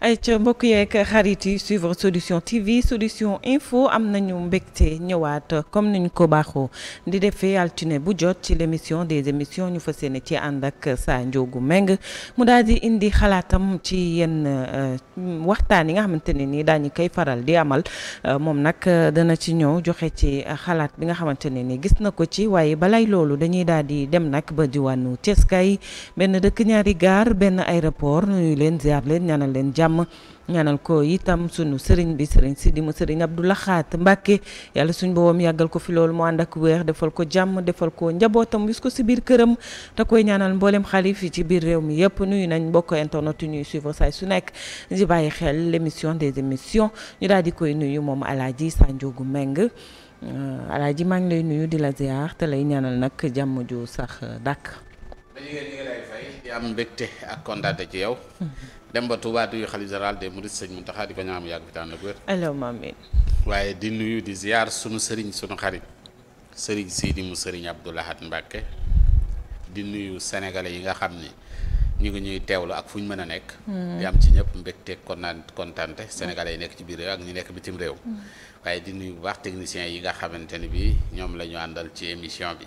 ay ca mbokk yeeg xarit yi suivre solution TV solution info am nañu mbégte ñëwaat comme niñ ko baaxoo di defee altine bu jot ci l' émission des émissions ñu fa yéene ci ànd ak saa njoogu meng mu daal di indi xalaatam ci yenn euh, waxtaan yi nga xamante ne nii daañu koy faral di amal euh, moom nag euh, dana ci ñëw joxe ci xalaat bi nga xamante ne nii gis na ko ci waaye balay loolu dañuy daal di dem nag ba diwaanu Thiès kay benn dëkk ñaari gaar benn aéroport nuyu leen ziar leen ñaanal leen jàmm. jàmm ñaanal ko itam sunu sëriñ bi sëriñ Sidi mu sëriñ Abdou Lahat mbakke yàlla suñ boobam yàggal ko fi loolu mu ànd ak weex defal ko jàmm defal ko njabootam wis ko si biir këram te koy ñaanal mboolem xalif yi ci biir réew mi yëpp nuyu nañ mbokk internet yu ñuy suivre saa su nekk si bàyyi xel émission des émissions ñu daal di koy nuyu moom Alaaji Sanjoogu Meng euh, Alaaji maa ngi lay nuyu di la ziar te lay ñaanal nag jàmm ju sax dàkk. am mbégte ak kontaante ci yow. dem ba Touba di nuyu xalif général des mourides sëñ Mountakha di ko ñaan yàgg fi tànn ak wér. allahumma waaye di nuyu di ziar suñu sëriñ suñu xarit sëriñ Sidi mu sëriñ Abdou Lahad Mbacke di nuyu sénégalais yi nga xam ni ñu ngi ñuy teewlu ak fu ñu mën a nekk. Hmm. di am ci ñëpp mbégte kontaan kontaante sénégalais yi nekk ci biir réew ak ñu nekk bitim réew. Hmm. waaye di nuyu bu baax techniciens yi nga xamante ni bii ñoom lañu àndal ci émission bi.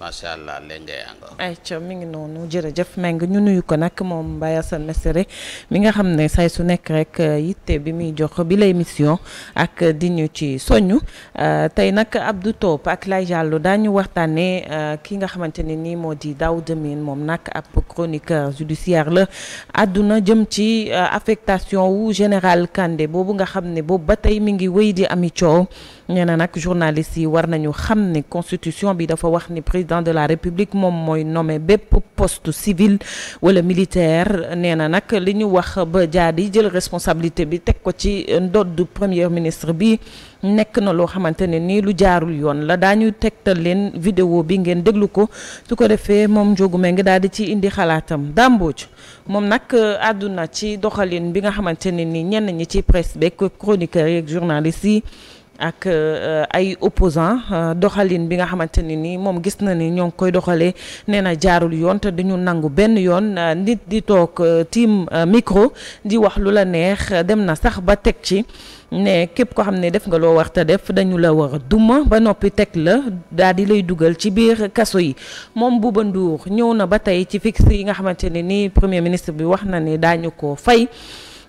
macha allah léegi ngay ànga. ayca mi ngi noonu jërëjëf Meng ñu nuyu ko nag moom Mbaye Assane Mesere mi nga xam ne say su nekk rek euh, yitte bi muy jox bi la mission ak di ñu ci soñu euh, tey nag Abdou Top ak Lay Diallo daañu waxtaanee euh, ki nga xamante ne nii moo di Daouda Mine moom nag ab chroniqueur judiciaire la adduna jëm ci affectation wu général Kandé boobu nga xam ne boobu ba tey mi ngi wéy di ami coow. nee na nag journaliste yi war nañu xam ne constitution bi dafa wax ni président de la république moom mooy nommé bépp poste civil wala militaire nee na nag li ñu wax ba jaar jaadi jël responsabilité bi teg ko ci ndodd premier ministre bi nekk na loo xamante ne nii lu jaarul yoon la daañu tegtal leen vidéo bi ngeen déglu ko su ko defee moom njóogu me ngi daal di ci indi xalaatam dàmbooj moom nag euh, àdduna ci doxalin bi nga xamante ne nii ñenn ñi ci presse beeg chroniqueurs yeeg journalistes yi ak euh, ay opposants euh, doxalin bi nga xamante ni nii moom gis na ni ñoo ngi koy doxalee nee na jaarul yoon te dañu nangu benn yoon euh, nit di toog tiim micro di wax lu la neex dem na sax ba teg ci ne képp ko xam ne def nga loo war te def dañu la war a duma ba noppi teg la daal di lay dugal ci biir kaso yi moom Bouba Ndour ñëw na ba tey ci fixe yi nga xamante ne ni premier ministre bi wax na ne daañu ko fay.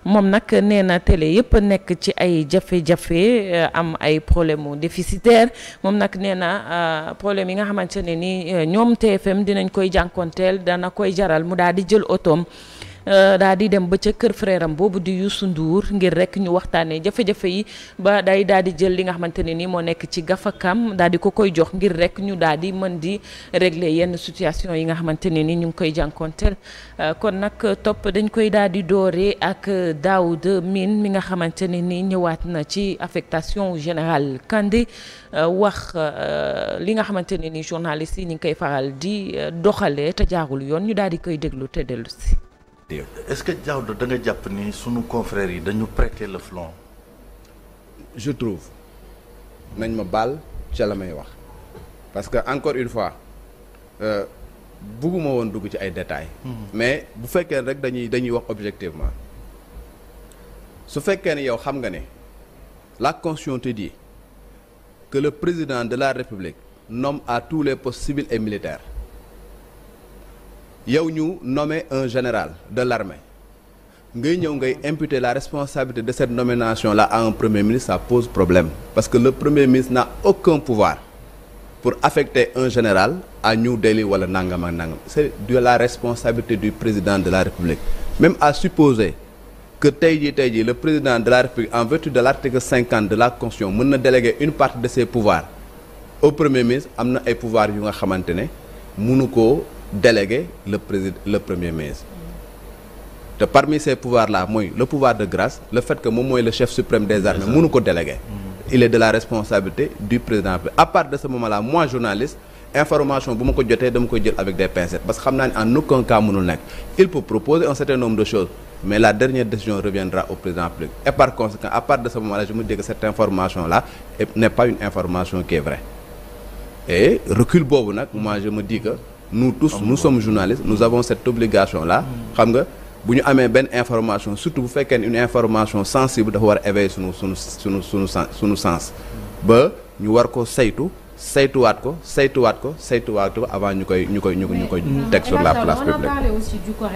moom nag nee na télé yëpp nekk ci ay jafe-jafe euh, am ay problème mu déficitaire moom nag nee na euh, problème yi nga xamante ne ni euh, ñoom TFM dinañ koy jànkonteel dana koy jaral mu daal di jël otoom Euh, daa di dem ba ca kër freeram boobu di Youssou Ndour ngir rek ñu waxtaanee jafe-jafe yi ba day daal di jël li nga xamante ne ni moo nekk ci gafakam daal di ko koy jox ngir rek ñu daal di mën di régler yenn situation yi nga xamante ne ni ñu ngi koy jànkonteel euh, kon nag topp dañ koy daal di dooree ak de Mine mi nga xamante ne ni ñëwaat na ci affectation général Kandé euh, wax li nga xamante ni journaliste yi ñu ngi koy faral di doxalee te jaarul yoon ñu daal di koy déglu te déew. est-ce que Daouda da nga jàpp ni sunu confrères yi dañu prêter le flanc. je trouve nañ ma baal ca la may wax parce que encore une fois euh, bugguma woon dugg ci ay détails. Hmm. mais bu fekkee rek dañuy dañuy wax objectivement su fekkee ne yow xam nga ne la constitution te dit le président de la république nomme à tous les postes civils et militaires. yow ñu nommé un général de l'armée ngay ñëw ngay imputer la responsabilité de cette nomination là à un premier ministre ça pose problème parce que le premier ministre n'a aucun pouvoir pour affecter un général à ñu Delhi wala nangam ak nangam c'est de la responsabilité du président de la République même à supposer que tey jii tey jii le président de la République en vertu de l'article 50 de la Constitution mën na déléguer une partie de ses pouvoirs au premier ministre am na ay pouvoir yu nga xamante ne mënu ko déléguer le président le premier ministre te parmi ces pouvoirs là mooy le pouvoir de grâce le fait que moom mooy le chef suprême des armées mënu ko déléguer il est de la responsabilité du président à part de ce moment là journaliste information bu ma ko jotee dama ko jël avec des pincettes parce que xam naa ne en aucun cas mënul nekk il peut proposer un certain nombre de choses mais la dernière décision reviendra au président public et par conséquent à part de ce moment là je me nag moi je nous tous nous sommes journalistes nous avons cette obligation là xam nga bu ñu amee benn information surtout bu fekkee ne une information sensible dafa war a sunu sunu sunu sunu sens sunu sens ba ñu war ko saytu saytuwaat ko saytuwaat ko saytuwaat ko avant ñu koy ñu koy ñu ñu koy teg la euh, place publique.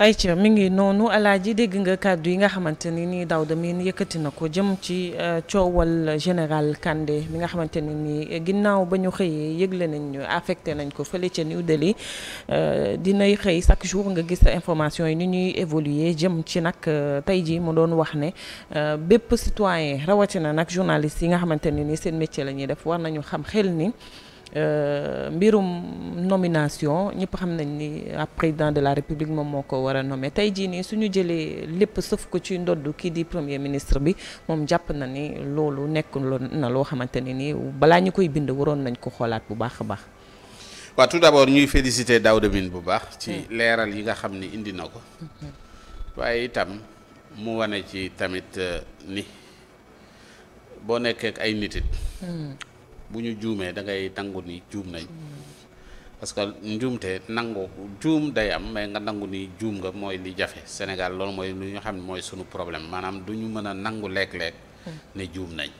ayca mi ngi noonu ji dégg nga kàddu yi nga xamante ni nii Daouda Mine yëkkati na ko jëm ci euh, coowal général Kandé mi nga xamante ni nii ginnaaw ba ñu xëyee yëgle nañ affecté nañ ko fële ca New Delhi euh, dinay xëy chaque jour nga gis information yi ni ñuy évoluer jëm ci nag euh, tey jii mu doon wax ne bépp citoyen rawatina nag journaliste yi nga xamante ni nii seen métier la ñuy def war nañu xam xel ni. Euh, mbirum nomination ñëpp xam nañ ni ab président de la république moom moo ko war a nome tey jii nii suñu jëlee lépp sëf ko ci ndodd kii di premier ministre bi moom jàpp na ni loolu nekk na loo xamante ne nii balaa ñu koy bind waroon nañ ko xoolaat bu baax a baax. waaw tout d'abord ñuy féliciter Daouda Mine bu baax. ci mm-hmm. leeral yi nga xam ni indi na ko. Mm-hmm. waaye itam mu wane ci tamit euh, ni boo nekkee ak ay nit mm. bu ñu juumee da ngay nangu ni juum nañ parce que njuumte nangu juum day am mais nga nangu ni juum nga mooy li jafe Sénégal loolu mooy lu ñu xam ne mooy sunu problème maanaam du ñu mën a nangu leeg-leeg ne juum nañ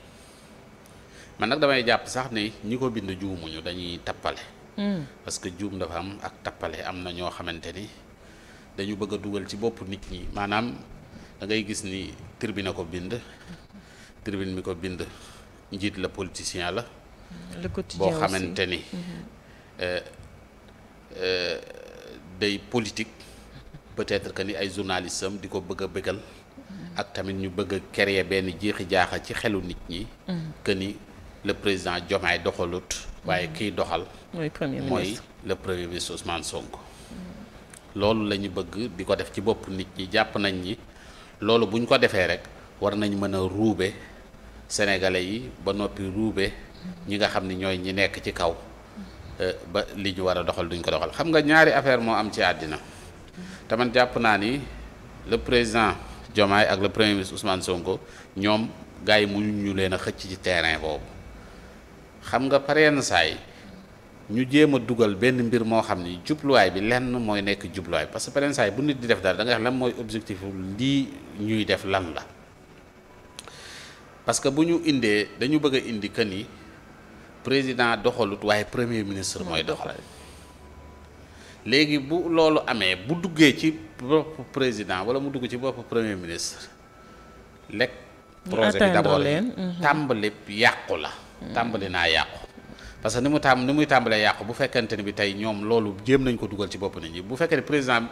man nag damay jàpp sax ni ñi ko bind juumuñu dañuy tappale hmm. parce que juum dafa am ak tappale am na ñoo xamante ni dañu bëgg a dugal ci bopp nit ñi maanaam da ngay gis ni tribune ko bind tribune mi ko bind njiit la politicien la le quotidien boo xamante ni mhm. euh, euh, day politique peut-être que ni ay journalistes di ko bëgg a bëggal mhm. ak tamit ñu bëgg a benn jeexi jaaxal ci xelu nit ñi mhm. que ni le président Diomaye doxalut waaye kiy doxal mooy le premier ministre Ousmane Sonko loolu lañu bëgg di ko def ci bopp nit ñi jàpp nañ ni loolu buñ ko defee rek war nañ mën a ruube sénégalais yi ba noppi ruube ñi nga xam ni ñooy ñi nekk ci kaw eh, ba li ñu war a doxal duñ ko doxal xam nga ñaari affaire moo am ci àddina te man jàpp naa ni le président jomaay ak le premier ministre Ousmane Sonko ñoom gars yi ñu leen a xëcc ci terrain boobu xam nga pareen saay ñu jéem a dugal benn mbir moo xam ni jubluwaay bi lenn mooy nekk jubluwaay parce que pareen saay bu nit di def dara da nga wax lan mooy objectif lii ñuy def lan la parce que bu ñu indee dañu bëgg a indi kën yi président doxalut waaye premier ministre mooy doxal léegi bu loolu amee bu duggee ci bopp président wala mu dugg ci bopp premier ministre lekk projet bi d'abord mhm. tàmbali yàqu la mhm. tàmbali naa yàqu parce que ni mu tàmm ni muy tàmbalee yàqu bu fekkante ne bi tey ñoom loolu jéem nañ ko dugal ci bopp nañ ñi bu fekkee président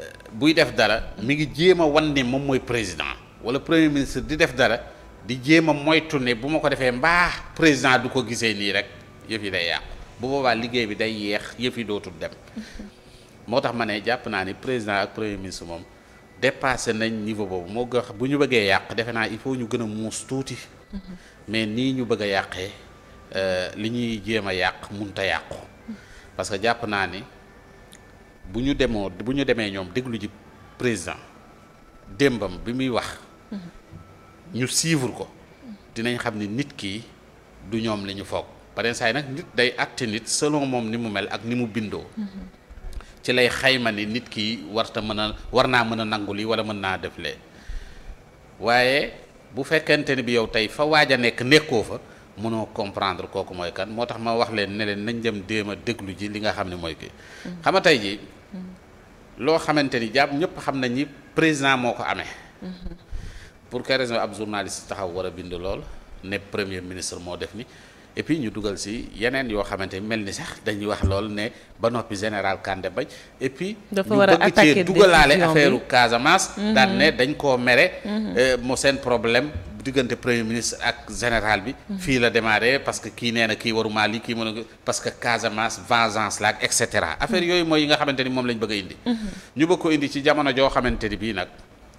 euh, buy def dara mi ngi jéem a wan ni moom mooy président wala premier ministre di def dara di jéem a moytu ne bu ma ko defee mbaax président du ko gisee nii rek yëf yi day yàqu bu boobaa liggéey bi day yeex yëf yi dootul dem moo tax ma ne jàpp naa ni président ak premier ministre moom dépassé nañ niveau boobu moo gën bu ñu bëggee yàq defe naa il faut ñu gën a muus tuuti mm-hmm. mais nii ñu bëgg a yàqee euh, li ñuy jéem a yàq munta yàqu mm-hmm. parce que jàpp naa ni bu ñu demoo bu ñu demee ñoom déglu ji président démbam bi muy wax mm-hmm. ñu suivre ko dinañ xam ni nit kii du ñoom li ñu foog pare saa nag nit day àtte nit selon moom ni mu mel ak ni mu bindoo mm-hmm. ci lay xayma ni nit kii warta mën a war naa mën a nangu lii wala mën naa def lee waaye bu fekkente ni bi yow tey fa waaj a nekk nekkoo fa mënoo comprendre kooku mooy kan moo tax ma wax leen ne leen nañ dem déem a déglu ji li nga xam ne mooy kii mm-hmm. xam nga tey ji mm-hmm. loo xamante ni jàpp ñëpp xam nañ ni président moo ko amee pour quelle raison ab journaliste taxaw war a bind lool ne premier ministre moo def ni et ñu dugal si yeneen yoo xamante ni mel ni sax dañuy wax lool ne ba noppi général Kandé bañ et puis dafa war a attaquer cee dugalaale affaire u Casamance mhm. ne dañ koo mere mu mhm. euh, seen problème diggante premier ak général bi mhm. fii la démarré parce que kii nee na kii waruma lii kii mën a parce que Casamance vengeance la ak et yooyu mooy yi nga xamante ni moom lañ bëgg a indi ñu bëgg ko indi ci jamono joo xamante ni bii nag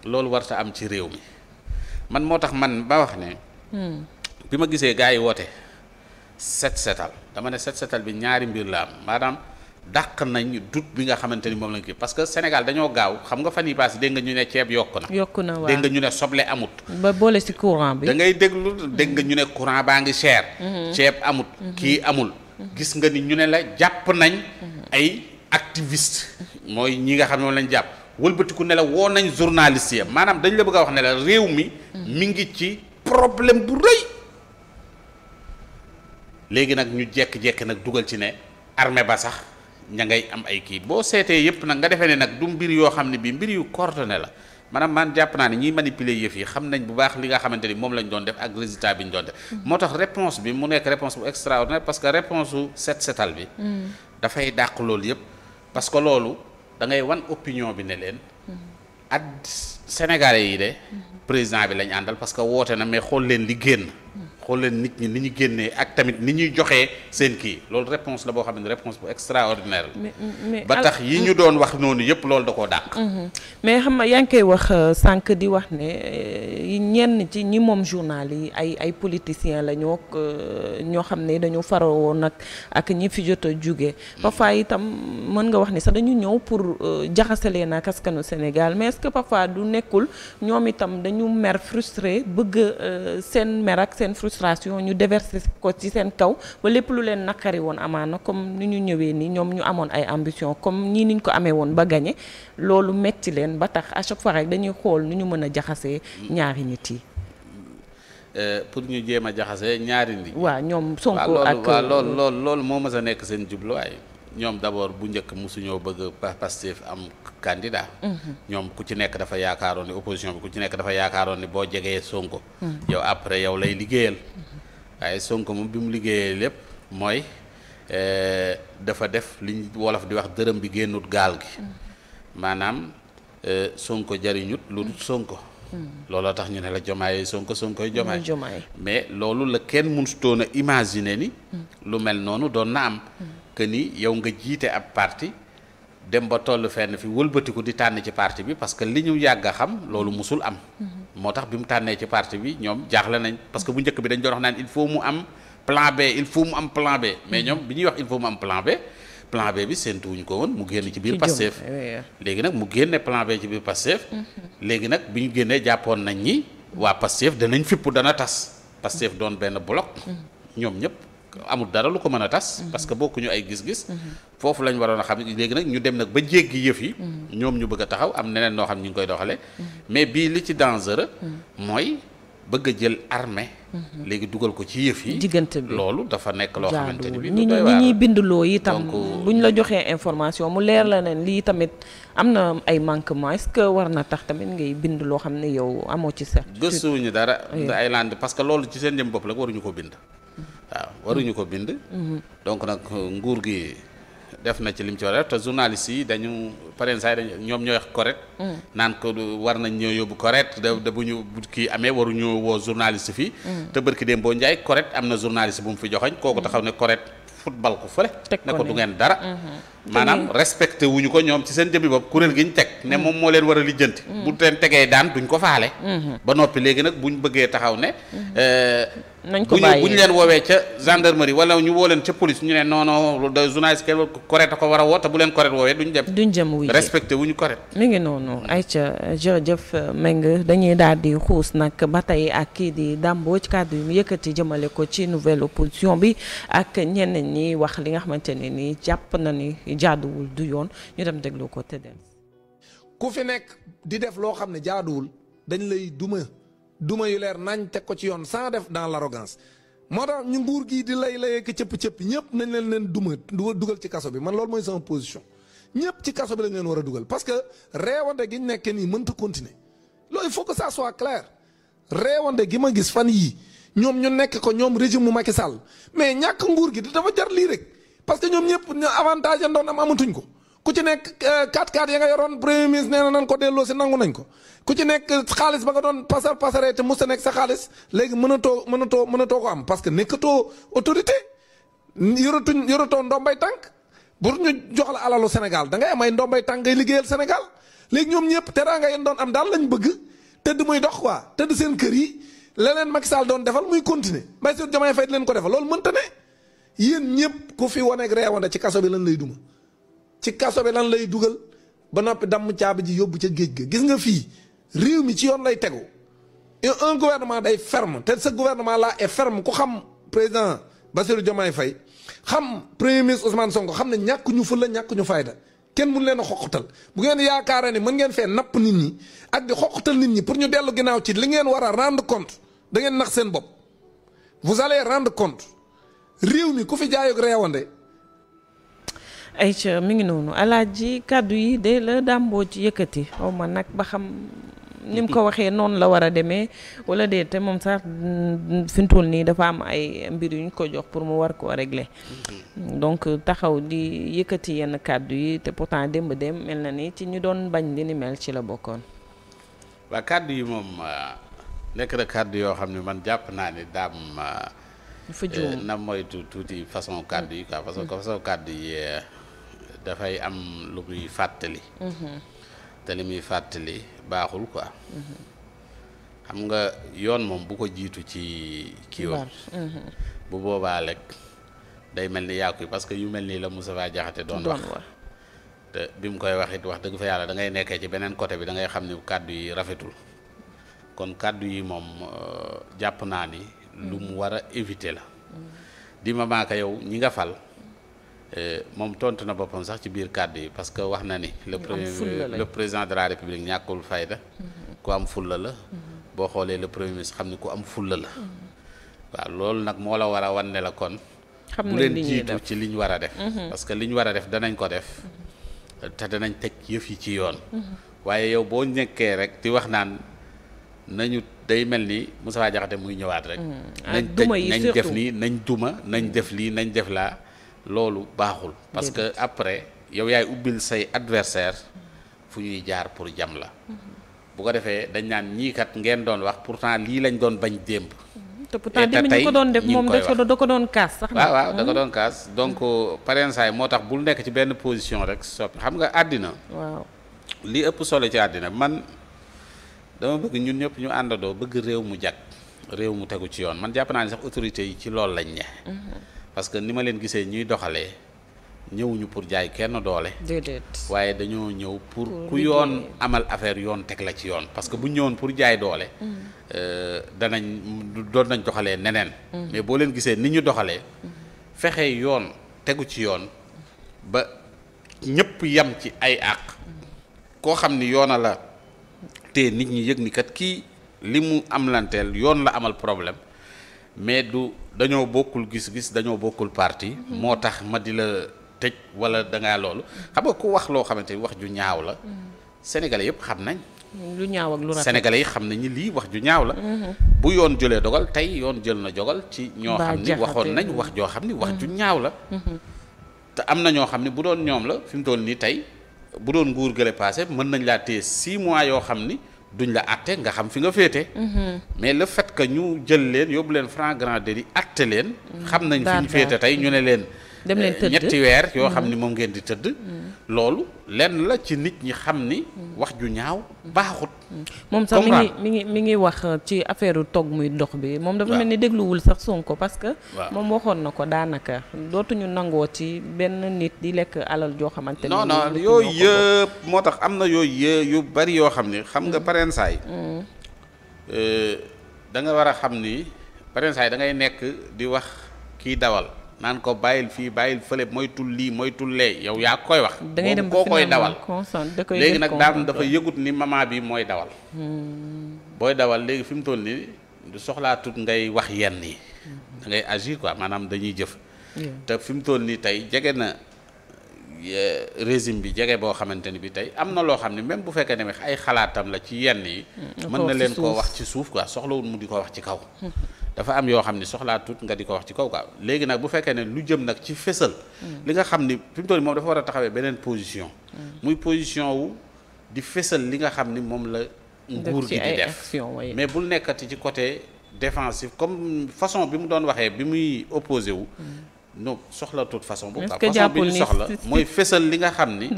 loolu warta am ci réew mi man moo tax man ba wax ne. Hmm. bi ma gisee gars yi woote set setal dama ne set setal bi ñaari mbir la am maanaam dàq nañ dut bi nga xamante ni moom lañ kii parce que Sénégal dañoo gaaw xam nga fan yii paas dégg nga ñu ne ceeb yokk na. yokk na waaw dégg ñu ne soble amut. ba boole si courant bi. da ngay déglu dégg nga ñu ne courant baa ngi cher. Hmm. ceeb amut. Hmm. kii amul. gis nga ni ñu ne la jàpp nañ. ay activist mooy ñi nga xam ne moom lañ jàpp. wëlbatiku ne la woo nañ journaliste ya maanaam dañ la bëgg a wax ne la réew mi. mi ngi ci problème bu rëy. léegi nag ñu jekk-jekk nag dugal ci ne armée ba sax ña ngay am ay kii boo seetee yëpp nag nga defee ne nag du mbir yoo xam ne bii mbir yu coordonné la maanaam maan jàpp naa ne ñiy manipuler yëf yi xam nañ bu baax li nga xamante ni moom lañ doon def ak résultat bi doon def. moo tax réponse bi mu nekk réponse bu extraordinaire parce que réponse su set setal bi. Mm. dafay dàq loolu yëpp da ngay wan opinion bi ne leen ak sénégalais yi de mm-hmm. président bi lañ àndal parce que woote na mais xool leen li génn xool leen nit ñi ni ñu génnee ak tamit ni ñuy joxee seen kii loolu réponse la boo xam ne réponse bu extraordinaire la ba tax yi ñu mm. doon wax noonu yëpp loolu da koo dàq mm-hmm. mais xam nga yaa ngi koy wax euh, sànq di wax ne euh, ñenn ci ñi moom journal yi ay ay politiciens euh, ñoo ñoo ne dañoo faroo woon ak ñi fi jot a jugee mm. parfois itam mën nga wax ni sax dañu ñëw pour jaxasalee na askanu Sénégal mais est-ce que parfois du nekkul ñoom itam dañu mer frustré bëgg seen mer ak seen frustration ñu déverser ko ci seen kaw ba lépp lu leen naqari woon amaana comme ni ñu ñëwee nii ñoom ñu amoon ay ambition comme ñii niñ ko amee woon ba gagné loolu metti leen ba tax à chaque fois rek dañuy xool nu ñu mën a jaxasee ñaari nit yi. Euh, pour ñu jéem a jaxasee ñaari nit. waaw ñoom Sonko ak waaw loolu loolu loolu moo mës a nekk seen jubluwaay. ñoom d'abord bu njëkk mosuñoo bëgg Pastef am candidat mm-hmm. ñoom ku ci nekk dafa yaakaaroon ni opposition bi ku ci nekk dafa yaakaaroon ni boo jegee Sonko mm-hmm. yow après yow lay liggéeyal mm-hmm. waaye Sonko moom bi mu liggéeyee lépp mooy eh, dafa def liñ wolof di wax dërëm bi génnut gaal gi maanaam eh, Sonko jariñut lu dul Sonko looloo tax ñu ne la jomaay Sonko Sonkoy jomaay mais loolu la kenn mënutoon a imaginer ni lu mel noonu doon na am que ni yow nga jiite ab parti dem ba toll fenn fi wëlbatiku di tànn ci parti bi parce que li ñu yàgg a xam loolu musul am. Mm-hmm. moo tax bi mu tànnee ci parti bi ñoom jaaxle nañ parce que bu njëkk bi dañ doon naan il faut mu am plan B il faut mu am plan B mais mm-hmm. ñoom bi ñuy wax il faut mu am plan B. plan B bi séentuwuñ ko woon mu génn ci biir Pastef léegi nag mu génne plan B ci biir Pastef mm-hmm. léegi nag bi ñu génnee jàppoon nañ ñi waa Pastef danañ fipp dana tas Pastef doon benn bloc ñoom ñëpp amul dara lu ko mën a tas mhm. parce que ñu ay gis-gis mhm. foofu lañ waroon a xam léegi nag ñu dem nag ba jéggi yëf yi mhm. ñoom ñu bëgg a taxaw am neneen noo xam ni ñu koy doxale mais bii li ci dangereux mooy bëgg a jël armée léegi dugal ko ci yëf yi diggante bi loolu dafa nekk loo xamante ni bi ñi ñuy bindloo yi tam euh, bu ñu la joxee information mu leer la ne lii tamit am na ay manquement est que war na tax tamit ngay bind loo xam ne yow amoo ci sax gëstuwuñu dara ay land parce que loolu ci seen jëm bopp la waruñu ko bind waaw waruñu ko bind. Mhm. donc nag nguur gi def na ci lim ci war a def te journaliste yi dañu pareen saa yi ñoom ñooy wax correct. Mhm. naan ko war nañ ñoo yóbbu correct da bu ñu kii amee waruñu woo journaliste fii. Mhm. te barki dem boo njaay correct am na journaliste bu mu fi joxoñ kooku taxaw ne correct. football ko fële ne ko du ngeen dara maanaam respecté wuñu ko ñoom ci seen jëmmi bopp kuréel gi ñu teg ne moom moo leen war a lijjanti bu teen tegee daan duñ ko faale ba noppi léegi nañ ko bàyyi bu ñu leen woowee ca gendarmerie wala ñu woo leen ca police ñu ne non non de journaliste kenn correct a ko war a woo te bu leen correct woowee duñ dem. duñ jëm wuy respecté wuñu correct. mi ngi noonu ayca jërëjëf Meng dañuy daal di xuus nag ba tey ak kii di dàmboo ci kàddu yu mu yëkkati jëmale ko ci nouvelle opposition bi ak ñenn ñi wax li nga xamante ne nii jàpp na ni jaaduwul du yoon ñu dem déglu ko te dem. ku fi nekk di def loo xam ne jaaduwul dañ lay duma. duma yu leer nañ teg ko ci yoon sans def dans l'arrogance moo tax ñu nguur gi di lay layee ko cëpp-cëpp ñëpp nañ leen leen duma dugal ci kaso bi man loolu mooy sama position ñëpp ci kaso bi lañ leen war a dugal parce que reewande gi nekk nii mënta continuer loolu il faut que ça soit clair reewande gi ma gis fan yii ñoom ñu nekk ko ñoom régime mu Macky Sall mais ñàkk nguur gi dafa jar lii rek parce que ñoom ñëpp avantage ndoon am amatuñ ko ku ci nekk 4-4 euh, ya nga yoroon premier ministre nee na nan ko delloo si nangu nañ ko ku ci nekk xaalis ba nga doon pasar pasaree te mus a nekk sa xaalis léegi mënatoo mënatoo mënatoo ko am parce que nekkatoo autorité yoratuñ yoratoo ndombay tànk pour ñu jox la alalu Sénégal da ngay am ay ndombay tànk ngay liggéeyal Sénégal léegi ñoom ñëpp teraanga yéen doon am daal lañ bëgg tëdd muy dox quoi tëdd seen kër yi leneen Macky Sall doon defal muy continuer Bassirou Diomaye Faye di leen ko defal loolu mënta ne yéen ñëpp ku fi waneeg reewande ci kaso bi lan lay duma ci kaso bi lan lay dugal ba noppi damm caaba ji yóbbu ca géej ga gis nga fii réew mi ci yoon lay tegu un gouvernement day ferme te ce gouvernement là est ferme ku xam président Bassirou Diomaye fay xam premier ministre Ousmane Sonko xam ne ñàkk ñu la ñàkk ñu fayda kenn mun leen a xoqatal bu ngeen yaakaaree ni mën ngeen fee napp nit ñi ak di xoqatal nit ñi pour ñu dellu ginnaaw ci li ngeen war a rendre compte dangeen nax seen bopp vous allez rendre compte réew mi ku fi jaayog reewande ay Aïcha mi ngi noonu alaaji kàddu yi de la dàmboo ci yëkkati xaw ma nag ba xam ni mu ko waxee noonu la war a demee wala de te moom sax fi nii dafa am ay mbir yu ñu ko jox pour mu war koo régler mhm. donc taxaw di yëkkati yenn kàddu yi te pourtant démb dem mel na ni ci ñu doon bañ li ni mel ci la bokkoon. waa kàddu yi moom euh, nekk na kàddu yoo xam ne man jàpp naa ne daam. Euh, dafa juum euh, na moytu tuuti façon kàddu yi quoi façon façon kàddu yi. dafay am lu muy fàttali. Mhm. te li muy fàttali baaxul quoi. xam nga yoon moom bu ko jiitu ci kii woon. Mhm. bu boobaa lekk day mel ni yàqu yi parce que yu mel nii la Moustapha jaxate doon wax. te bi mu koy wax it wax dëgg fa yàlla da ngay nekkee ci beneen côté bi dangay ngay xam ni kàddu yi rafetul kon kàddu yi moom euh, jàpp naa ni. lu mu war a éviter la. Mhm. di ma maaka yow ñi nga fal. Eh, moom tontu na boppam sax ci biir kàddu yi parce que wax na ni le premier le président de la république ñàkkul mm-hmm. la mm-hmm. boo xoolee le premier ministre xam ni ku am fulla la mm-hmm. waaw loolu nag moo la war a wan ne la kon bu leen jiitu ci li ñu war a def parce que li a def danañ ko def te danañ teg yëf yi ci yoon waaye yow boo nekkee rek di wax naan nañu day mel ni Moussa Diakhaté muy ñëwaat rek nañ ah, tëj nañ def nii nañ duma nañ def lii nañ def laa loolu baaxul parce que après yow yaay ubbil say adversaire fu ñuy jaar pour jam la mm-hmm. bu ko defee dañ naan ñiikat ngeen doon wax pourtant lii lañ doon bañ démb mm-hmm. te pourtant démb ñu ko doon def moom da ko doon kaas sax waaw waaw mm-hmm. doon kaas donc parensaay moo tax bul nekk ci benn position rek sopp xam nga àddina waaw li ëpp solo ci àddina man dama bëgg ñun ñëpp ñu àndandoo bëgg réew mu jag réew mu tegu ci yoon man jàpp naa ni sax autorité yi ci loolu lañ ne parce que ni ma leen gisee ñuy doxalee ñëwuñu pour jaay kenn doole. déedéet waaye dañoo ñëw pour. ku yoon amal affaire yoon teg la ci yoon. parce que bu ñu ñëwoon pour jaay doole. Mm. Euh, danañ doon nañ doxalee neneen. Mm. mais boo leen gisee ni ñu doxalee. Mm. fexe yoon tegu ci yoon ba ñëpp yam ci ay àq. koo xam ni yoona la te nit ñi yëg ni kat kii li mu am yoon la amal problème. mais du dañoo bokkul gis-gis dañoo bokkul parti mhm. moo tax ma di la tëj wala da ngaa loolu xam nga ko wax loo xamante ni wax ju ñaaw la mhm. sénégalais yëpp xam nañ lu ñaaw ak lu rafet sénégalais yi lii wax ju ñaaw la. Mhm. bu yoon jëlee dogal tey yoon jël na dogal ci ñoo xam waxoon nañ wax joo xam ni wax ju ñaaw la. te am na ñoo xam ni bu doon ñoom la fi mu toll nii tey bu doon nguur gële passé mën nañ laa te 6 mois yoo xam ni duñ la àtte nga xam fi nga féete. mais le fait que ñu jël leen yóbbu leen franc grand délit acte leen. xam nañ fi féete tey ñu ne leen. dem leen euh, tëdd ñetti weer yoo xam mm-hmm. ni moom ngeen di tëdd. Mm-hmm. loolu lenn la ci nit ñi xam ni. Mm-hmm. wax ju ñaaw baaxut. moom sax mi ngi mi ngi mi ngi wax euh, ci affaire togg muy dox bi. moom dafa mel ni dégluwul sax Sonko parce que. moom waxoon na ko daanaka dootuñu nangoo ci benn nit di lekk alal joo xamante ne. non non yooyu yëpp moo tax am na yooyu yë yu bari yoo xam ni xam nga pareen saay. Euh, da nga war a xam ni parensaay da ngay nekk di wax kiy dawal naan ko bàyyil fii bàyyil fële moytul lii moytul lee yow yaa koy wax. da ngay dem koo koy dawal léegi nag daam dafa yëgut ni maman bi mooy dawal. Hmm. booy dawal léegi fi mu toll nii du soxlaatut ngay wax yenn yi. Hmm. da agir quoi maanaam dañuy jëf. te fi mu toll nii tey jege na. régime bi jege boo xamante ni bi tey am na loo xam ne même bu fekkee ne ay xalaatam la ci yenn yi mm-hmm. mën na leen koo wax ci suuf quoi soxlawul mu di ko wax ci kaw mm-hmm. dafa am yoo xam ne soxlaa tut nga di ko wax ci kaw quoi léegi nag bu fekkee ne lu jëm nag ci fésal mm-hmm. li nga xam ni fi mu toll moom dafa war a taxawee beneen position muy position wu di fésal li nga xam ni moom la nguur gi di def mais bul nekkati ci côté défensif comme façon bi mu doon waxee bi muy opposé wu non soxla tout façon boobu daal façon bi soxla mooy fesal li nga xam ni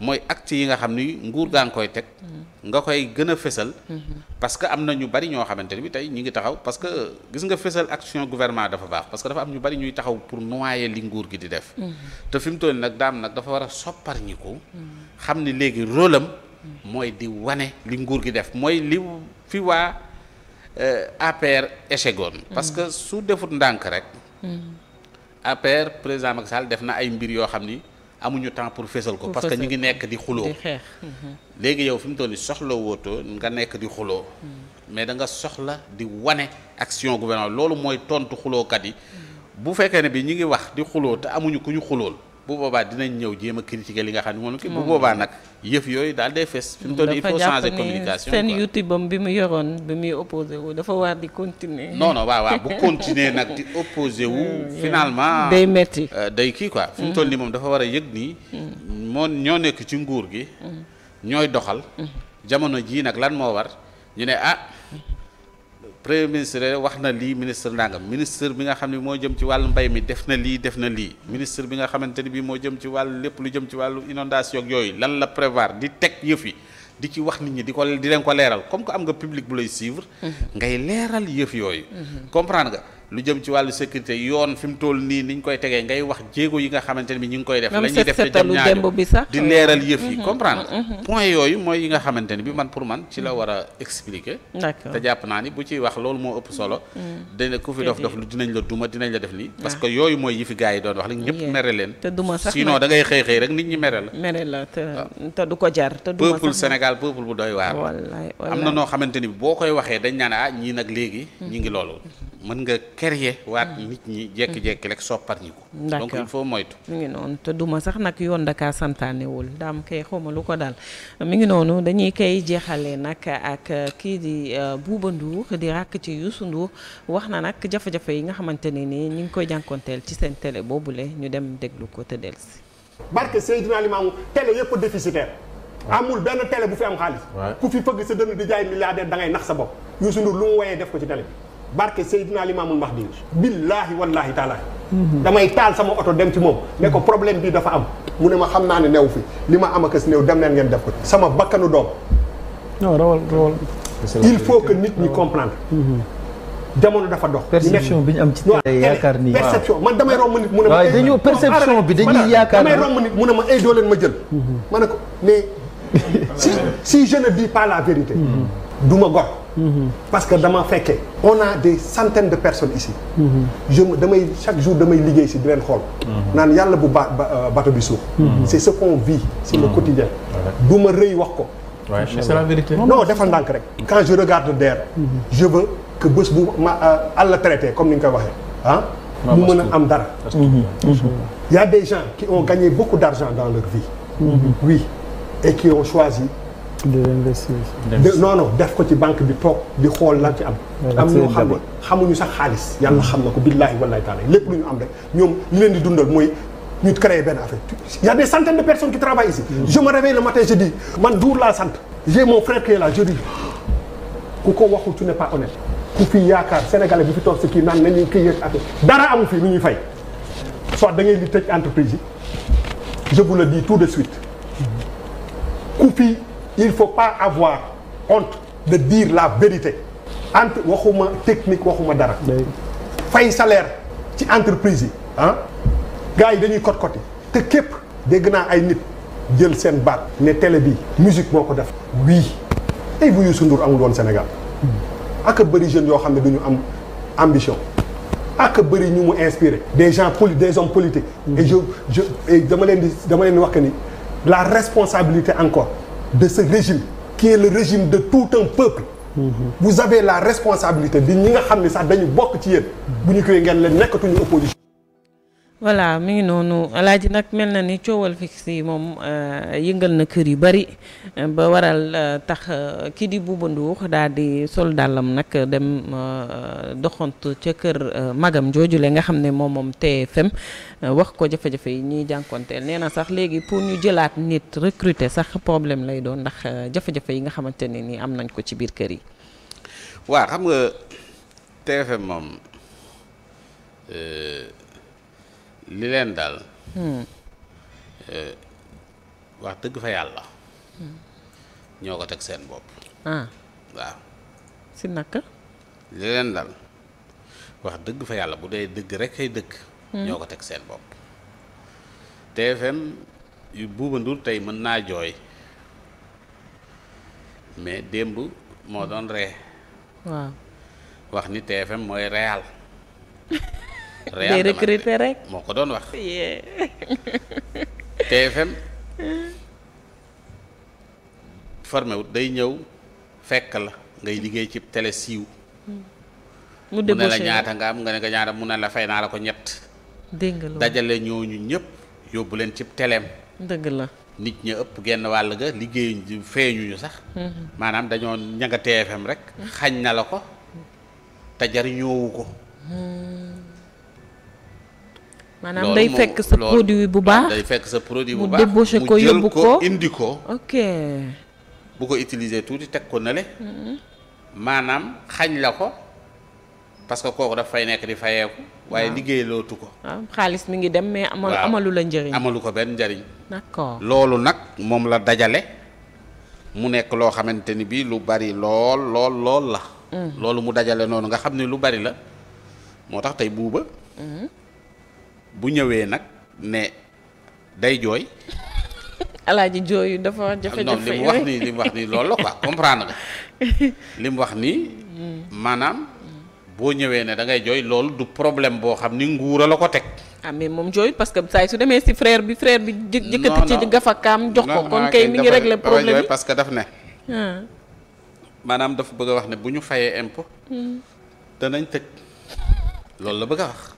mooy acte yi nga xam ni nguur gaa ngi koy teg mm. nga koy gën a fesal mm-hmm. parce que am na ñu bari ñoo xamante ni bi tey ñu ngi taxaw parce que gis nga fesal action gouvernement dafa baax parce que dafa am ñu bari ñuy taxaw pour noyer li nguur gi di def mm-hmm. te fi mu toll nag daam nag dafa war a ko mm-hmm. xam ni léegi rôle mooy di wane li nguur gi def mooy li fi waa euh, APR échegoon parce que su defut ndànk rek APR président Macky Sall def na ay mbir yoo xam ni amuñu temps pour fésal ko parce que ñu ngi nekk di xuloo mhm. léegi yow fi mu toll nii soxla wootoo nga nekk di xuloo mhm. mais da nga soxla di wane action gouvernement loolu mooy tontu xulookat yi mhm. bu fekkee ne bi ñu ngi wax di xuloo te amuñu ku ñu xulool bu boobaa dinañ ñëw jéem a li nga xam ne moom ki bu boobaa nag yëf yooyu daal day fes fi mu toll il faut changer communication seen youtube am bi mu yoroon bi muy opposé wu dafa war di continuer non waa waaw waaw bu continuer nag di opposé wu euh, finalement day metti euh, day kii quoi fi mu toll nii moom dafa war a yëg nii mm. moo ñoo nekk ci nguur gi mm. ñooy doxal mm. jamono jii nag lan moo war ñu ne ah premier ministre wax na lii ministre nangam ministre bi nga xam ne moo jëm ci wàllu mbay mi def na lii def na lii ministre bi nga xamante ni bii moo jëm ci wàllu lépp lu jëm ci wàllu inondation yooyu lan la prévoir di teg yëf yi di ci wax nit ñi di ko di leen ko leeral comme que am nga public bu lay suivre. Mhm. ngay leeral yëf yooyu. comprendre nga. lu jëm ci wàllu sécurité yoon fi mu toll nii ni ñu koy tegee ngay wax jéego yi nga xamante ne bi ñu ngi koy def la def def ca jam ñaajo di leeral yëf yi mm-hmm. comprendre mm-hmm. point yooyu mooy yi nga xamante ne bi man pour man ci la mm-hmm. war a expliquer te jàpp naa ni bu ciy wax loolu moo ëpp solo dina ku fi dof dof lu la duma dinañ la def nii ah. parce que yooyu mooy yi fi gars yi doon wax la leen te duma sax sinon da ngay xëy xëy rek nit ñi mere la mere la te ah. du ko jar te duma peuple Sénégal peuple bu doy waar am na noo xamante ni bi boo koy waxee dañ naan ah ñii nag léegi ñu ngi loolu mën nga créer waat nit ñi jékki-jékki rek sopparñi ko donc il faut moytu mi ngi noonu te duma sax nag yoon dakaa santaanewul daam kay xawma lu ko dal mi ngi noonu dañuy kay jeexale nag ak euh, kii di euh, Bouba Ndour di ràkk ci Youssou Ndour wax na nag jafe-jafe yi nga xamante ne nii ñu ngi koy jànkoonteel ci seen télé boobule ñu dem déglu ko te dellusi barke Seydina Limamou télé yëpp déficitaire amul benn télé bu fi am xaalis ku fi fëgg sa dënn di jaay milliardaire da ngay nax sa bopp barke Seydina Limaamul Mahdi billaahi wallaahi taalaahi damay taal sama oto dem ci moom ne ko problème bi dafa am mu ne ma xam naa ne new fi li ma am a as néew dem leen ngeen def ko sama bakkanu doom non rawal rawal il faut que nit ñi comprendre jamono dafa dox. perception bi ñu am ci télé yaakaar ni perception man damay romb nit mu ne ma. waaw eh, dañoo perception bi dañuy yaakaar damay romb nit mu ne ma ay eh, doo leen ma jël. ma ne ko mais si si je ne pas la vérité. duma ma mhm. parce que dama fekkee on a des centaines de personnes ici mhm. je damay chaque jour damay liggéey si di leen xool mhm. naan yàlla bu ba euh, bato bi suuf c'est ce qu'on vit c'est le quotidien du ma rëy wax ko c'est la vérité non defal ndànk rek quand je regarde der je veux que bés bu ma euh, àll traité comme ni nga koy waxee ah mu mën a am dara y a des gens qui ont gagné beaucoup d'argent dans leur vie oui et qui ont choisi décidé d'investir. non non def ko ci banque bi toog di xool lan ci am. am ñoo xam ne xamuñu sax xaalis. yàlla xam na ko billaahi wallaahi taala lépp lu ñu am rek ñoom li leen di dundal mooy ñu créer benn affaire. y a des centaines de personnes qui travaillent ici. Mm. je me réveille le matin je dis man duur laa sant. j'ai mon frère qui est je dis ku ko waxul tu n'es pas honnête. ku fi yaakaar sénégalais bi fi toog si kii naan nañu kii yëg ak dara amu fi lu ñuy fay. soit da ngay di tëj entreprise yi je vous tout de suite ku il faut pas avoir honte de dire la vérité entre waxuma technique waxuma dara. fay salaire ci entreprise yi ah. gars yi dañuy kot koti te képp dégg naa ay nit jël seen baat ne télé bi musique moo ko def. wii tey bu Youssou Ndour amul woon Sénégal ak bëri jeunes yoo xam ne duñu am ambition. ak bëri ñu mu inspiré. des gens poli des hommes politiques. et je je dama leen di dama leen di wax que ni la responsabilité encore. de ce régime qui est le régime de tout un peuple mhm. vous avez la responsabilité di ñi nga xam ne sax dañu bokk ci yéen bu ñu koy ngeen leen nekkatuñu opposition voilà mi ngi noonu alaaji nag mel na ni coowal Fix yi moom euh, yëngal na kër yu bari euh, ba waral euh, tax kii di Bouba Ndour daal di nag dem doxantu ca kër magam jooju joojule nga xam ne moom moom TFM wax ko jafe-jafe yi ñuy jànkonteel nee na sax léegi pour ñu jëlaat nit recruter sax problème lay doon ndax jafe-jafe yi nga xamante ne ni am nañ ko ci biir kër yi. waaw xam nga TFM moom. li leen daal hmm. eh, wax dëgg fa yàlla hmm. ñoo ko teg seen bopp ah. waaw si naka li leen daal wax dëgg fa yàlla bu dee dëgg rek ay dëgg hmm. ñoo ko teg seen bopp TFM yu Buuba Nduur tey mën naa jooy mais démb moo doon ree waaw wax ni TFM mooy réal day rek moo ko doon wax. TFM. formé day ñëw fekk la ngay liggéey ci tele siiw. mu ne la ñaata nga am nga ne nga ñaata mu ne la fay naa la ko ñett. déng dajale ñooñu ñëpp yóbbu leen ci teleem. dëgg la nit ñi ëpp genn wàll ga liggéeyuñu feeñuñu sax. Mm-hmm. maanaam dañoo ña nga rek. xañ na la ko te jariñoowu ko. Mm-hmm. maanaam day fekk sa produit bu baax day fekk sa produit bu baax mu débauché ko yóbbu ko indi ko ok bu ko utiliser tuuti teg ko nale mm-hmm. maanaam xañ la ko parce que kooku dafay nekk di fayeeku waaye ah. liggéey lootu ko ah, xaalis mi ngi dem mais amal amalu la njëriñ amalu ko benn njëriñ d'accord loolu nag moom la dajale mu nekk loo xamante ni bii lu bari lool lool lool la mm. loolu mu dajale noonu nga xam ne lu bari la moo tax tey buuba mm-hmm. bu ñëwee nag ne day jooy. alaaji jooyu dafa jafe-jafe non li mu wax nii li wax nii loolu la quoi comprendre li mu wax nii. Mm. maanaam boo ñëwee ne da ngay jooy loolu du problème boo xam ni nguura la ko teg. ah mais moom jooyut parce que saa su demee si frère bi frère bi. jë jëkkati ci gafakaam jox ko kon kay mi ngi régler problème bi parce que daf ne. Ah. maanaam dafa bëgg a wax ne bu ñu fayee impo mm. danañ tëj loolu la bëgg a wax.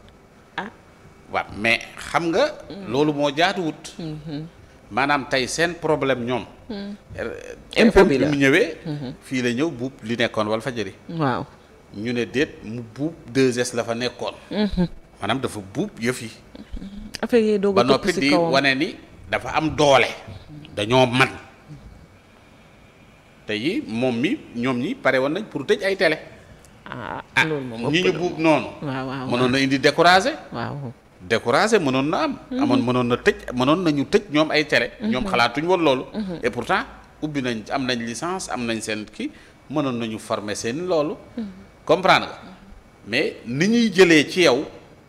waaw mais xam nga. loolu moo jaatuwut. maanaam tey seen problème ñoom. impôt bi la mu ñëwee. Mhm. fii la ñëw buub li nekkoon wal fajari. waaw ñu ne déet mu buub 2S la fa nekkoon. Mhm. maanaam dafa buub yëf yi. affaire ba noppi di wane ni dafa am doole. dañoo man te yi moom mi ñoom ñi pare woon nañ pour tëj ay télé. ah, ah loolu moom ñi ñu buub na indi découragé. découragé mënoon na am. Mhm. amoon mënoon na tëj mënoon nañu tëj ñoom ay télé. Mhm. ñoom xalaatuñ woon loolu. Mhm. et pourtant ubbi nañ am nañ licence am nañ seen kii mënoon nañu former seen loolu. comprendre nga mais ni ñuy jëlee ci yow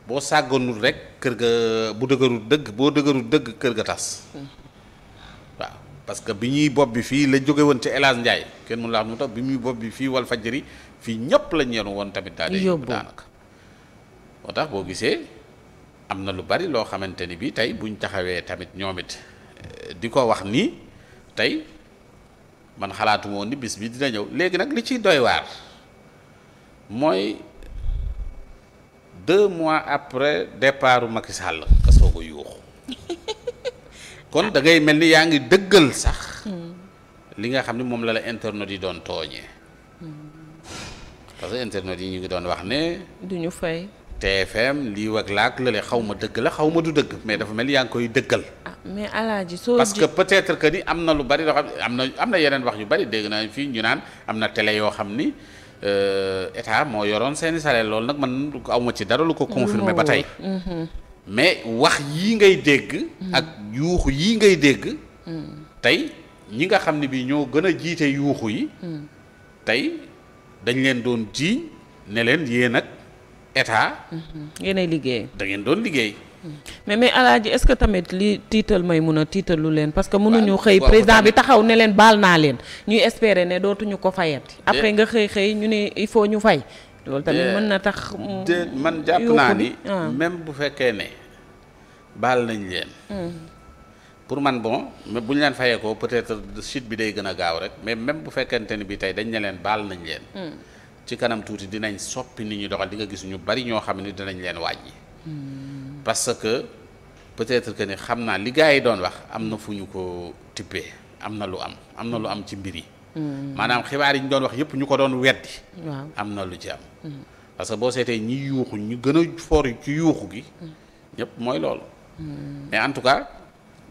boo sàggoonul rek kër ga bu dëgërul dëgg boo dëgëru dëgg kër ga tas. waaw parce que bi ñuy bopp bi fii la jóge woon ci El kenn mënu la xam ne tax bi muy bopp bi fii wal fajjari fii ñëpp la ñu woon tamit. daal di yóbbu daanaka moo tax boo gisee. am na lu bari loo xamante ni bii tey buñ taxawee tamit ñoom it eh, di ko wax nii tey man xalaatuma nibbis ni bi dina ñëw léegi nag li ciy doy waar mooy deux mois après départu Macky Sall nga soo ko yuuxu kon dangay mel ni yaa ngi dëggal sax hmm. li nga xam ni moom la la internet yi doon tooñee hmm. parce que internet yi ñu ngi doon wax ne duñu fay TFM lii wag laak lële xaw ma dëgg la xaw ma du dëgg mais dafa mel ni yaa ngi koy dëggal. Ah, mais alaaji soo que peut-être que ni am na lu bari loo xam am na yeneen wax yu bari dégg naa fii ñu naan am na tele yoo xam ni euh, état moo yoroon seeni salaire loolu nag man awma ci dara lu ko confirmer ba tey mhm. mais wax yii ngay dégg mhm. ak yuuxu yii ngay dégg mhm. tey ñi nga xam ne bi ñoo gën a jiite yuuxu yi tey dañ leen doon jiiñ ne leen yéen ak état. ngeen mm-hmm. ay liggéey. da ngeen doon liggéey. Mm-hmm. mais mais alaaji est-ce que tamit li tiital may mun a tiitalu leen parce que mënuñu xëy président bi taxaw ne leen baal naa leen ñuy espérer ne dootuñu ko fayati après nga xëy xëy ñu ne il faut ñu fay loolu tamit mën na tax man jàpp naa ni ah. même bu fekkee ne baal nañ leen mm-hmm. pour man bon bu ñu leen fayee ko peut-être bi day gën a gaaw rek mais même bu fekkente ni bi tey dañ ne leen baal nañ leen mm. ci kanam tuuti dinañ soppi ni ñuy doxal di nga gis ñu bari ñoo xam ne dinañ leen wàññi. Hmm. parce que peut-être que ni xam naa li yi doon wax am na fu ñu ko tippee am na lu am am na lu am ci mbir yi. Hmm. maanaam xibaar yi ñu doon wax yëpp ñu ko doon weddi. am na lu ci am. Hmm. parce que boo seetee ñi yuuxu ñu gën a foor ci yuuxu gi. ñëpp mooy loolu. mais en tout cas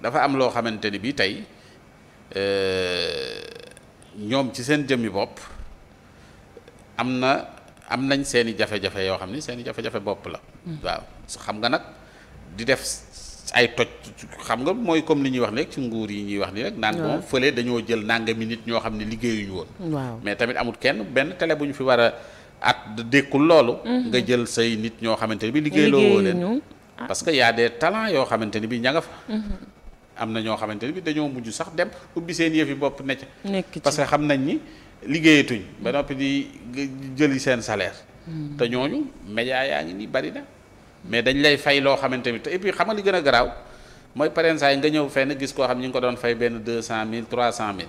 dafa am loo xamante ni bii tey euh, ñoom ci seen jëmmi bopp. am na am nañ seeni i jafe-jafe yoo xam ni seen i jafe-jafe bopp la. Mm. waaw xam nga nag di def ay toj xam nga mooy comme li ñuy wax ni rek ci nguur yi ñuy wax ni rek. naan moom fële dañoo jël nangami nit ñoo xam ne liggéeyuñu woon. waaw mais tamit amul kenn benn télé bu ñu fi war a at dékkul loolu. Mm-hmm. nga jël say nit ñoo xamante ni bi liggéeyloo woo leen. Ah. parce que y des talents yoo xamante ni bi ña nga fa. Mm-hmm. am na ñoo xamante ni bi dañoo mujj sax dem ubbi seen yëfi bopp ne ca. parce que xam nañ ni. liggéeyatuñ ba noppi di jëli seen salaire. Hmm. te ñooñu média yaa ngi nii bari na. mais dañ lay fey loo xamante ni te et puis xam li gën a garaaw mooy parents yi nga ñëw fenn gis koo xam ñu ngi ko doon fay benn deux cent mille trois cent mille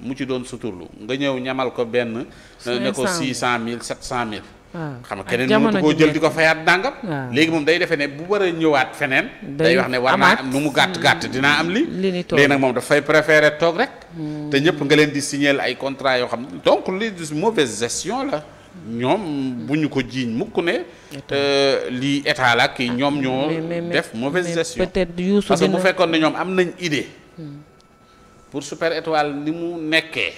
mu ci doon suturlu nga ñëw ñamal ko benn. ne ko six cent mille sept cent mille. xam nga keneen mënatu koo jël di ko fayaat dàngam léegi moom day defe ne bu war ñëwaat feneen day wax ne war naa am nu mu gàtt gàtt mm. dinaa am li léegi nag moom dafay préférer toog rek mm. te ñëpp nga leen di signaler ay contrat yoo xam ne donc li mauvaise gestion la ñoom bu ñu ko jiiñ mukk ne euh, lii état la kii ñoom ah, ñoo def mauvaise gestion parce que bu fekkoon ne ñoom am nañ idée hmm. pour Super Étoile ni mu nekkee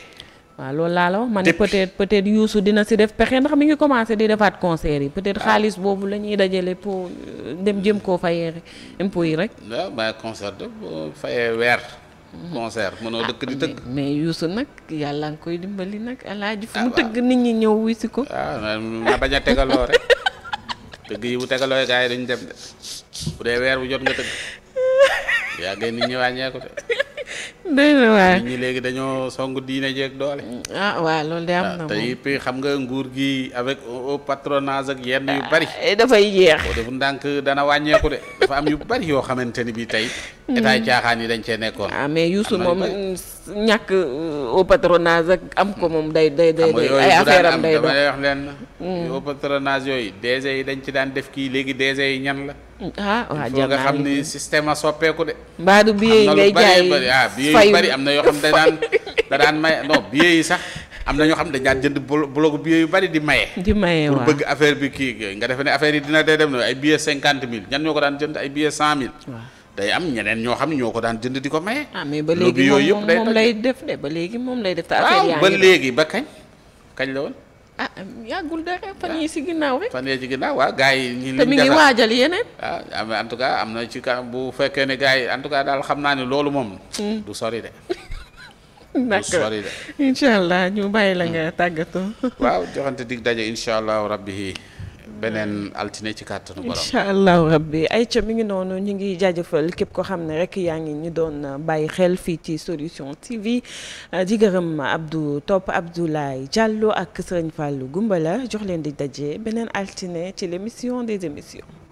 waaw lool laa la wax man peut-être peut-être Youssou dina si def pexe ndax mi ngi commencé di defaat concert yi peut-être ah. xaalis boobu la ñuy dajale po euh, dem jëm koo fayee impôt yi rek. waaw ba concert de fayee weer. Hmm. concert mënoo ah, dëkk di tëgg. mais Youssou nag yàlla nga koy dimbali nag alaaji fu ah, mu tëgg nit ñi ñëw wuy si ko. waaw na bañ a tegaloo rek tëgg yi bu tegaloo gars yi dañu dem de bu dee weer bu jot nga tëgg yaa ngi nit ñi wàññeeku de. dëgg la léegi dañoo song diine jeeg doole. ah waaw loolu de am ah, na te yëpp xam nga nguur gi avec au patronage ak yenn yu bari. Ah, eh, dafay jeex. boo defu ndànk dana wàññeeku de dafa am yu bari yoo xamante ni bii tey. Hmm. état yi caaxaan yi dañ cee nekkoon. ah mais Youssou moom ñàkk euh, au patronage ak am ko moom day day day ay affaire am day doon hmm. yooyu bu daan am damay leen. au yooyu DG yi dañ ci daan def kii léegi DG yi ñan la. ah waaw jàmm nga xam ni système a soppeeku de. mbaa du billet yi ngay jaay bari ah, am na yoo xam da daan da daan may yi sax am na ñoo xam dañ daan jënd bloc billet yu bari di maye. di maye waaw pour bëgg affaire bi kii nga defe ne affaire yi dina dee dem na ay billets cinquante mille ñan ñoo ko daan jënd ay billets cent mille. day am ñeneen ñoo xam ne ñoo ko daan jënd di ko maye. ah ba léegi moom moom lay def de ba léegi moom lay def. te affaire ba léegi ba kañ kañ la woon ah yàggul dara ah. fan yii si ginnaaw rek. fan yii ci ginnaaw waaw gars yi. ñu te mi ngi waajal yeneen. ah en tout cas am na ci kan bu fekkee ne gars yi en tout cas daal xam naa ne loolu moom. Hmm. du sori de. d'accord incha allah ñu bàyyi la nga tàggatoo. Hmm. waaw joxante dig daje incha allah rabbi beneen altine ci kàttanu borom. incha allahu rabbi ayca mi ngi noonu ñu ngiy jaajëfal képp ko xam ne rek yaa ngi ñu doon bàyyi xel fii ci solution TV euh, di gërëm Abdou Top Abdoulaye Diallo ak Serigne gumba la jox leen di daje beneen altine ci l' émission des émissions.